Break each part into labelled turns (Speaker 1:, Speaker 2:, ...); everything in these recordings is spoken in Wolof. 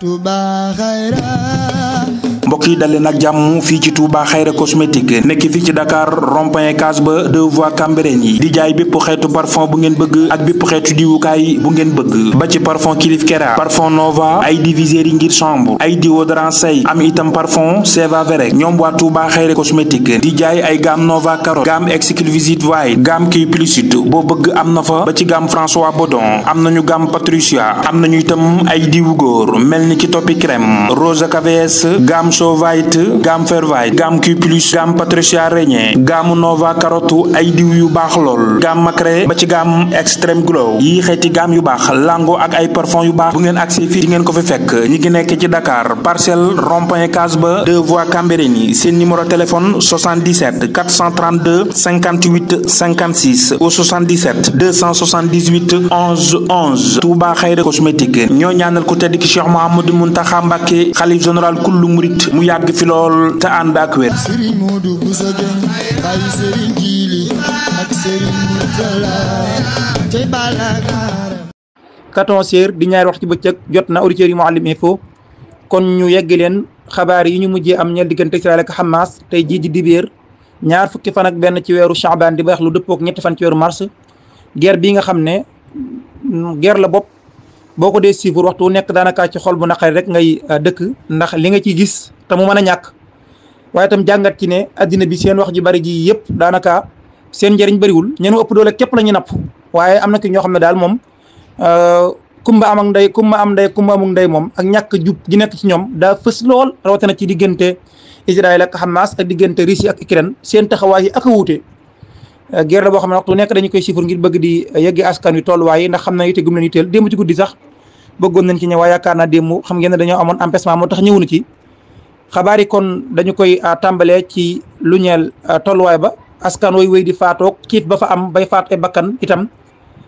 Speaker 1: Touba Khayra mbokk yi dale nag jàmm fii ci Touba Xayra cosmétique nekk fii ci Dakar rond case ba deux voies Cambérène di jaay bépp xeetu parfum bu ngeen bëgg ak bépp xeetu diwukaay bu ngeen bëgg ba ci parfum Kilif Kera parfum Nova ay diviseurs ngir chambre ay déodorant say am itam parfum Seva Verek ñoom waa Touba Xayra cosmétique di jaay ay gamme Nova Carotte gamme Exclusive White gamme Key Plucide boo bëgg am na fa ba ci gamme François Bodon am na gamme Patricia ay diwu góor mel ni ki toppi crème Sovite gamme Fervite gamme Q plus gamme Patricia Regnier gamme Nova Carotte ay diw yu baax lool gamme Macré ba ci gamme Extreme Glow yii xeeti gamme yu baax lango ak ay parfum yu baax bu ngeen agsi fii ngeen ko fi fek ñi ngi nekk ci Dakar parcelle rond-point case ba deux voies Cambérène yi seen numéro téléphone 77 432 58 56 au 77 278 11 11 ñoo ñaanal ku tedd ki Cheikh Mouhamadou Mountakha Mbacké xalif kullu murit mu yàgg fi lool te ànd ak wér.
Speaker 2: Serigne Modou Bousso Dieng bàyyi Serigne Jili ak Serigne Moutala
Speaker 3: te Balakara. 14h di ñaari jot na auditeurs yi Mouhalim Info kon ñu yegg leen xabaar yi ñu mujjee am ñeel diggante Israël ak Hamas tey jii di dibéer ñaar fukki fan ak benn ci weeru Chaabaan di baax lu dëppook ñetti fan ci weeru mars guerre bi nga xam ne guerre la bopp. boo ko dee siifur waxtu nekk daanaka ci xol bu naqari rek ngay euh, dëkk ndax li nga ci gis te mu mën a ñàkk waaye tam jàngat ci ne addina bi seen wax ji bari ji yëpp daanaka seen njëriñ bariwul ñeen ëpp doole képp la ñuy napp waaye am na ki ñoo xam ne daal moom euh, kumba am ak ndey kumba am ndey kumba amul ndey moom ak ñàkk jub gi nekk ci ñoom daa fës lool rawatina ci diggante Israël diggante Russie ak Ukraine a wuute euh, guerre la boo xam ne waxtu nekk dañu koy chiffre ngir bëgg di yegge askan wi tolluwaay ndax xam na yitte gum leen yitteel démb ci guddi sax bëggoon nañ ci ñëw ne dañoo amoon empêchement moo tax ñëwunu ci xabaar yi kon dañu koy ah, tàmbalee ci lu ñeel ah, tolluwaay ba askan way wéy di faatoog kiit ba fa am bay faat ay bakkan itam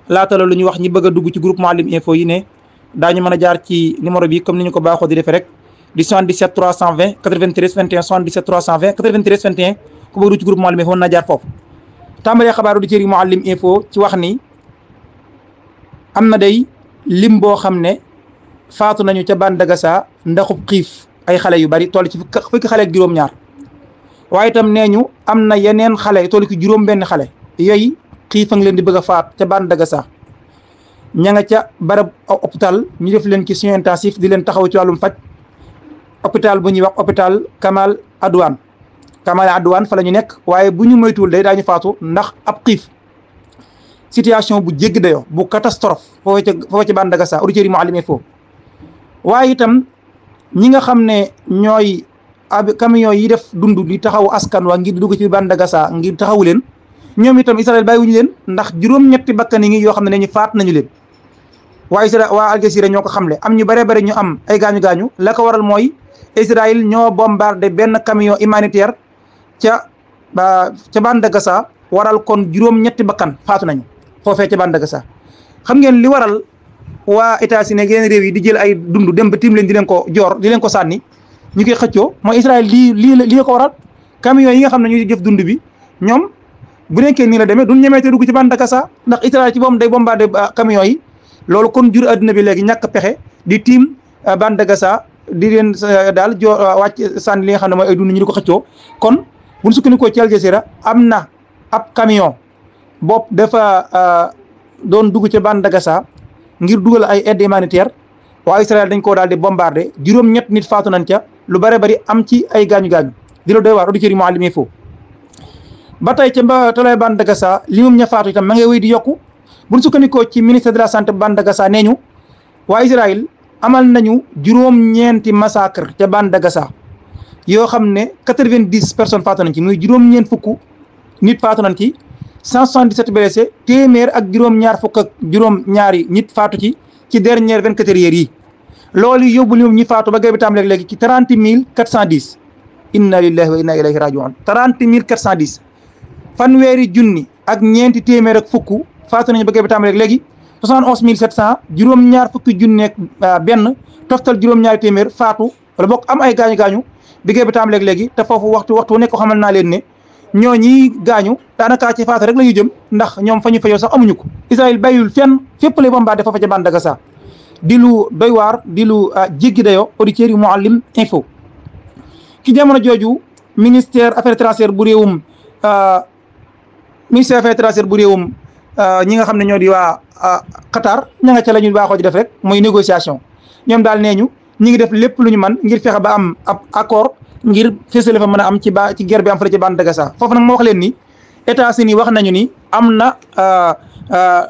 Speaker 3: laata la lu ñuy wax ñi bëgg a dugg ci groupe Mouhalim info yi ne daañu mën a jaar ci numéro bi comme ni ñu ko baaxoo di defee rek di 77 320 93 21 77 320 93 21 ku bëgg dugg ci groupe Mouhalim info mën naa jaar foofu. tàmbalee xabaaru di cëri ci wax ni am na day lim boo xam ne faatu nañu ca Bandagasa ndaxub xiif. ay xale yu bari toll ci fukki xale ak juróom-ñaar waaye tam nee ñu am na yeneen xale toll ci juróom-benn xale yooyu xiif a ngi leen di bëgg a faat ca baan daga sax ña nga ca barab hopital ñu def leen ci soins intensifs di leen taxaw ci wàllum faj hôpital bu ñuy wax hopital Kamal Adwan Kamal Adwan fa la ñu nekk waaye bu ñu moytuwul day daañu faatu ndax ab xiif situation bu jéggi dayoo bu catastrophe foofu ca foofu ca baan daga sax auditeurs mu àllimee foofu waaye itam ñi nga xam ne ñooy ab camion yi def dund di taxaw askan wa ngir dugg ci bande Gaza ngir taxawu leen ñoom itam Israël bàyyiwuñu leen ndax juróom-ñetti bakkan yi ngi yoo xam ne ñu faat nañu leen waaye Israël waa Aljazeera ñoo ko xamle am ñu bare bare ñu am ay gaañu gaañu la ko waral mooy Israël ñoo bombardé benn kamion humanitaire ca ca bande Gaza waral kon juróom-ñetti bakkan faatu nañu foofee ca bande xam ngeen li waral. waa état unis ak yeneen réew yi di jël ay dund dem ba tiim leen di leen ko joor di leen ko sànni ñu koy xëccoo mooy Israël lii lii lii ko waral camion yi nga xam ne ñuy jëf dund bi ñoom bu nekkee nii la demee duñ ñemeete dugg ci bande Gaza ndax Israël ci boom day bombardé ah, camion yi loolu kon jur àddina bi léegi ñàkk pexe di tiim ah, bande dagasa di leen ah, daal joor wàcc sànni li nga xam ne mooy ay dund ñu di ko xëccoo kon buñ sukkandikoo ci Al Jazeera am na ab camion bopp dafa doon dugg ci bande Gaza ngir dugal ay aide humanitaire waa Israël dañ koo daal di bombardé juróom ñett nit faatu nañ ca lu bare bari am ci ay gaañu gaañu di la doy waar auditeurs yi Mouhalim Info ba tey ca mba tolay bande de Gaza li mum ña faatu itam ma ngay wéy di yokku buñ sukkandikoo ci ministre de la santé bande de Gaza nee ñu waa Israël amal nañu juróom-ñeenti massacre ca band de Gaza yoo xam ne quatre-vingt-dix personnes faatu nañ ci muy juróom-ñeent fukk nit faatu nañ ci 177 blessés téeméer ak juróom-ñaar fukk ak ñaari nit faatu ci ci dernière 24 heures yi loolu yóbbu li ñi faatu ba gay bi tam léeg-léegi ci 30 mille 410 inna lillahi wa inna ilayhi rajiun 30 mille 410 fanweeri junni ak ñeenti téeméer ak fukk faatu nañu ba gay bi tam léeg-léegi 71 mille 700 juróom-ñaar fukki junneeg euh, benn toftal juróom-ñaari téeméer faatu wala bokk am ay gaañu gaañu bi gay bi tam léeg-léegi te foofu waxtu waxtu nekk xamal naa leen ne ñoo ñi gaañu daanaka ci faatu rek la ñu jëm ndax ñoom fa ñu fajoo sax amuñu ko Israël bàyyul fenn fépp lay bombardé foofa ca bande Gaza di lu doy waar di lu ah, jéggi dayoo auditeurs yu Mouhalim info ci jamono jooju ministère affaire étrangères bu réewum ah, ministère affaires étrangères bu réewum ah, ñi nga xam ne ñoo di waa Qatar ña nga ca la ñu baaxoo di def rek mooy négociation ñoom daal nee ñu ñi ngi def lépp lu ñu man ngir fexe ba am ab accord ngir fësale fa mën a am ci ba ci guerre bi am fële ci bande de Gaza foofu nag moo wax leen ni États-Unis wax nañu ni am na euh, euh,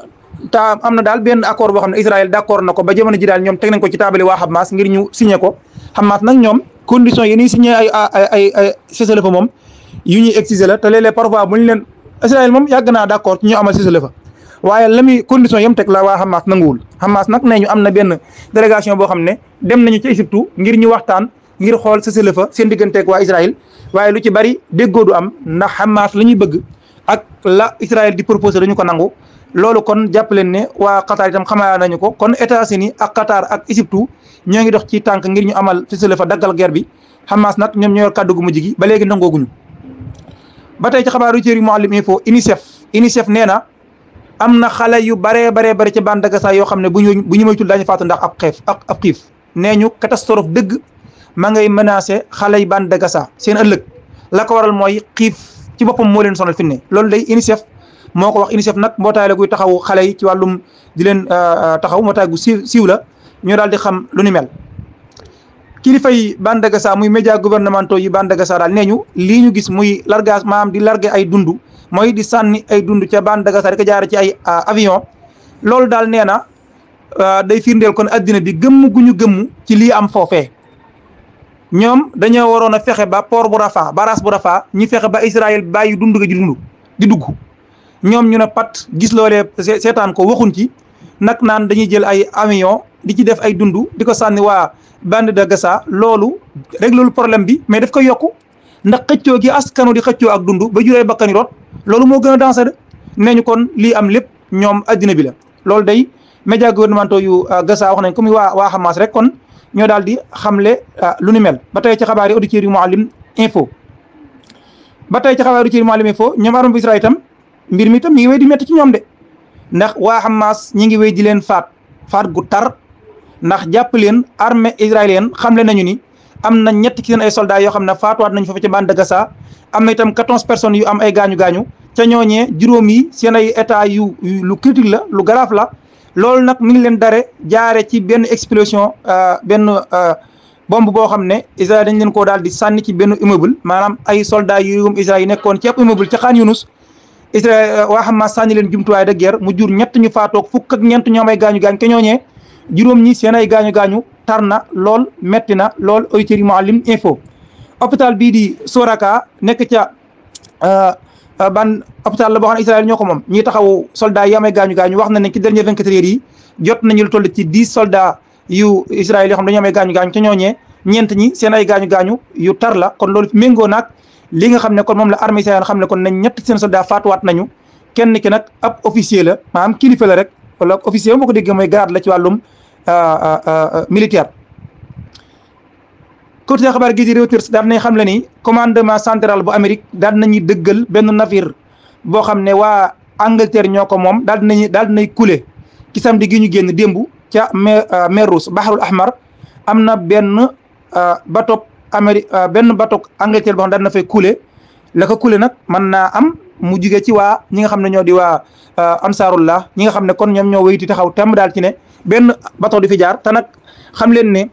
Speaker 3: ta am na daal benn accord boo xam ne Israël d'accord na ko ba jamono ji daal ñoom teg nañ ko ci taabali waa Hamas ngir ñu signé ko Hamas nag ñoom condition yi ñuy signé ay ay ay moom yu ñuy exiger la te léeg-léeg parfois ñu leen Israël moom yàgg naa d'accord ci ñu amal cessez-le-feu waaye la muy condition yam teg la waa Hamas nanguwul Hamas nag nee ñu am na benn délégation boo xam ne dem nañu ci Égypte ngir ñu waxtaan ngir xool sësale fa seen digganteek waa Israël waaye lu ci bari déggoo du am ndax Hamas la ñuy bëgg ak la Israël di proposé dañu ko nangu loolu kon jàpp leen ne waa Qatar itam xamaa nañu ko kon États-Unis ak Qatar ak Égypte ñoo ngi dox ci tànk ngir ñu amal sësale fa daggal guerre bi Hamas nag ñoom ñoo yor gu mujj gi ba léegi nangooguñu ba tey ci xabaaru cër yi Mouhalim Info UNICEF UNICEF nee na am na xale yu baree bare bari ca bande Gaza yoo xam ne bu ñu bu ñu moytul daañu faatu ndax ab xeef ak ab xiif nee ñu catastrophe dëgg ma ngay menacé xale yi bande de seen ëllëg la ko waral mooy xiif ci boppam moo leen sonal fi ne loolu day UNICEF moo ko wax UNICEF nag mbootaay la guy taxaw xale yi ci wàllum di leen euh, euh, taxaw mbootaay gu siiw siiw la ñu daal di xam lu ni mel kilifa yi bande de muy média gouvernementaux yi bande de daal nee ñu lii ñu gis muy largage maanaam di largué ay dund mooy di sànni ay dund ca bande de Gaza di ko jaare ci ay euh, avion loolu daal nee na day firndeel kon addina bi gëmm gu ci lii am foofee ñoom dañoo waroon a fexe ba port bu Rafah baras bu rafaa ñu fexe ba Israël bàyyi dund gi di dund di dugg ñoom ñu ne pat gis loolee seetaan ko waxuñ ci nag naan dañuy jël ay avion di ci def ay dund di ko sànni waa bande de Gaza loolu réglul problème bi mais daf ko yokk ndax xëccoo gi askanu di xëccoo ak dund ba juree bakkani rot loolu moo gën a dansé de nee ñu kon lii am lépp ñoom addina bi la loolu day médias gouvernementaux yu euh, Gaza wax nañ comme waa waa xamaas rek kon ñoo daal di xamle euh, lu ni mel ba tey ci xabaar yi auditeurs yu Mouhalim info ba tey ci xabaar auditeurs yu Mouhalim info ñoom armée bu itam mbir mi itam mi ngi wéy di métti ci ñoom de ndax waa xamaas ñi ngi wéy di leen faat faat gu tar ndax jàpp leen armée xam xamle nañu ni am na ñett ci seen ay soldats yoo xam ne faatuwaat nañ foofu ci bande de Gaza am na itam quatorze personnes yu am ay gaañu gaañu ca ñooñee juróom yi seen ay état yu lu critique la lu garaaf la loolu nag mi ngi leen dare jaare ci benn explosion euh, benn euh, bomb boo xam ne Israël dañ leen ko daal di sànni ci benn immeuble maanaam ay soldats yu Israël yi nekkoon ci ab immeuble ca Khan Yunus Israël euh, waa Hamas sànni leen jumtuwaay da guerre mu jur ñett ñu faatoog fukk ak ñeent ñoom ay gaañu gaañ ke ñooñee juróom ñi seen gaañu gaañu tar na lool metti na lool auditeurs yi Mouhalim info hôpital bii di nekk ca Euh, ban hôpital la boo xam ne ñoo ko moom ñiy taxaw soldats yi amee gaañu gaañu wax na ne ci dernier vingt-quatre heures yi jot nañu lu toll ci dix soldats yu Israël yoo xam dañu amee gaañu gaañu te ñooñee ñeent ñi seen ay gaañu gaañu yu tar la kon loolu méngoo naag li nga xam ne kon moom la armée israélienne xam ne kon nañ ñett seen soldats waat nañu kenn ki nag ab officier la maanaam kilifa la rek wala officier bu ma ko déggee mooy grade la ci wàllum euh, euh, militaire. quotidien xabaar gii di Reuters daan nañ xam le ni commandement central bu Amérique daan nañuy dëggal benn navire boo xam ne waa Angleterre ñoo ko moom daal dinañu daal dinay coulé ci samedi gi ñu génn démb ca euh, mer Rouge Baharul Ahmar am na benn euh, bateau Amérique euh, benn bateau Angleterre boo xam ne daal na fay coulé la ko coulé nag mën naa am mu jugee ci waa ñi nga xam ne ñoo di waa Ansaarullah ñi nga xam ne kon ñoom ñoo wéyiti taxaw temm daal ci ne benn bateau di fi jaar te nag xam leen ne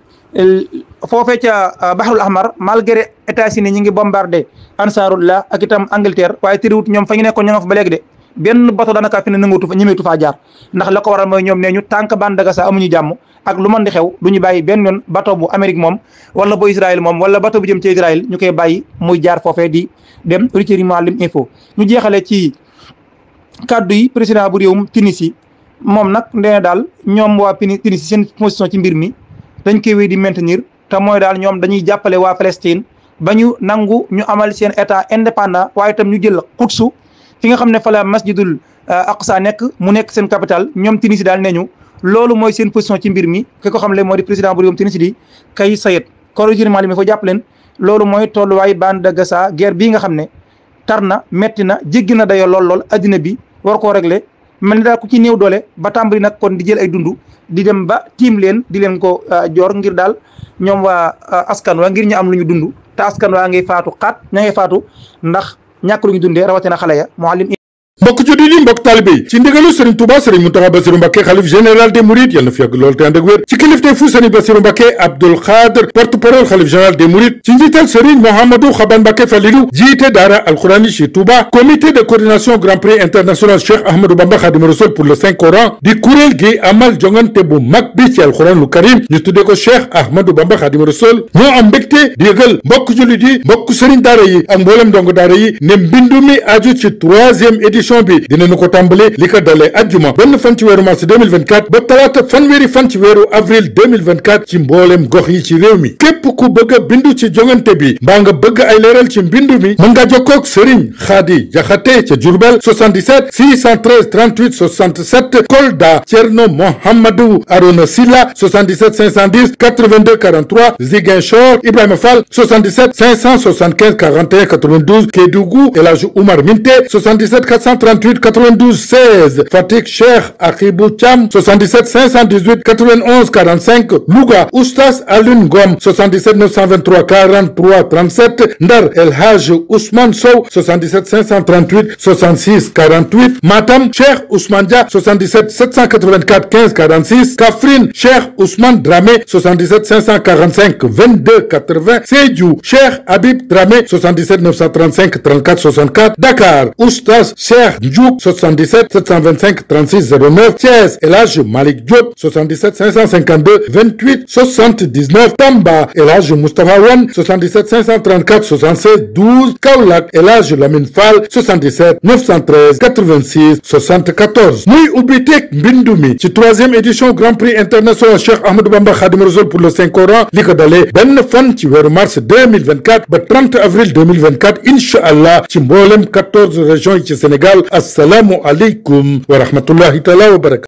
Speaker 3: foofee ca ah, Bahrul Ahmar malgré États-Unis ñi ngi bombardé Ansarullah ak itam Angleterre waaye tëriwut ñoom fa ñu nekkoon ñoo nga fa ba léegi de benn bato daanaka fi ne nangutu fa ñemeetu faa jaar ndax la ko waral mooy ñoom nee ñu tànk Bandaga sa amuñu jàmm ak lu mën di xew du ñu bàyyi benn yoon bato bu Amérique moom wala bu Israël moom wala bato bu jëm ci Israël ñu koy bàyyi muy jaar foofee di dem auditeurs Mouhalim info ñu jeexale ci kàddu yi président bu réewum Tunisie moom nag nee daal ñoom waa Tunisie seen position ci mbir mi dañ koy wéy di maintenir te mooy daal ñoom dañuy jàppale waa Palestine ba ñu nangu ñu amal seen état indépendant waaye itam ñu jël Qudsu fi nga xam ne fa la masjidul euh, Aqsa nekk mu nekk seen capital ñoom Tunisie daal ne ñu loolu mooy seen position ci mbir mi ki ko xam le moo di président bu réewum Tunisie di Kais Saied corrigez moi jàppaleen ma fa jàpp leen loolu mooy tolluwaay bande de Gaza guerre bii nga xam ne tar na métti na jéggi na lool lool addina bi war koo régler mel ni daa ku ci néew doole ba tàmbali nag kon di jël ay dundu di dem ba tiim leen di leen ko euh, joor ngir daal ñoom waa euh, askan wa ngir ñu am lu ñu dund te askan waa ngay faatu xaat ña ngay faatu ndax ñàkk lu ñu dundee rawatina xale ya
Speaker 2: mbokk ju di di mbokk taalibe yi ci ndigalu sëriñ Touba sëriñ Mountakha Bassirou Mbacké général des mourides yal na fi yàgg lool te ànd ak wér ci kilifte fu sëriñ Bassirou Mbacké Abdoul Khadr porte-parole général des mourides ci njiital sëriñ Mouhamadou Xaban Mbacké Falilou jiite daara alxuraani ci Touba comité de coordination grand prix international Cheikh Ahmadou Bamba Khadimou Rassoul pour le di kuréel gi ci alxuraanul karim ñu tuddee ko am mbégte di yëgal ne mbindu émission bi dinañu ko tàmbale li ko dalee ajjuma benn fan ci weeru mars 2024 ba talaata fanweeri fan ci weeru avril ci mbooleem gox yi ci réew mi képp ku bëgg a bindu ci jongante bi mbaa nga bëgg ay leeral ci mbindu mi mën nga jokkoog Serigne ca Diourbel Kolda Thierno Mohamedou Arona Silla Ziguinchor Ibrahima Fall 77 575 41 92 38 92 16 Fatick Cheikh Akibou Thiam 77 518 91 45 Louga Oustaz Alioune Ngom 77 923 43 37 Ndar El Hadj Ousmane Sow 77 538 66 48 Matam Cheikh Ousmane Dia 77 784 15 46 Robert Djouk 77 725 36 09 Thiès Elage Malik Diop 77 552 28 79 Tamba Elage Mustafa Wan 77 534 76 12 Kaolack Elage Lamine Fall 77 913 86 74 muy ubbi teg mbindu mi ci troisième édition Grand Prix international Cheikh Ahmadou Bamba Khadim Rassoul pour le Saint Coran li ko dalee benn fan ci weeru mars 2024 ba 30 avril 2024 incha allah ci mboolem 14 régions yi ci Sénégal Sénégal asalaamu aleykum wa rahmatullahi taala wa barakatu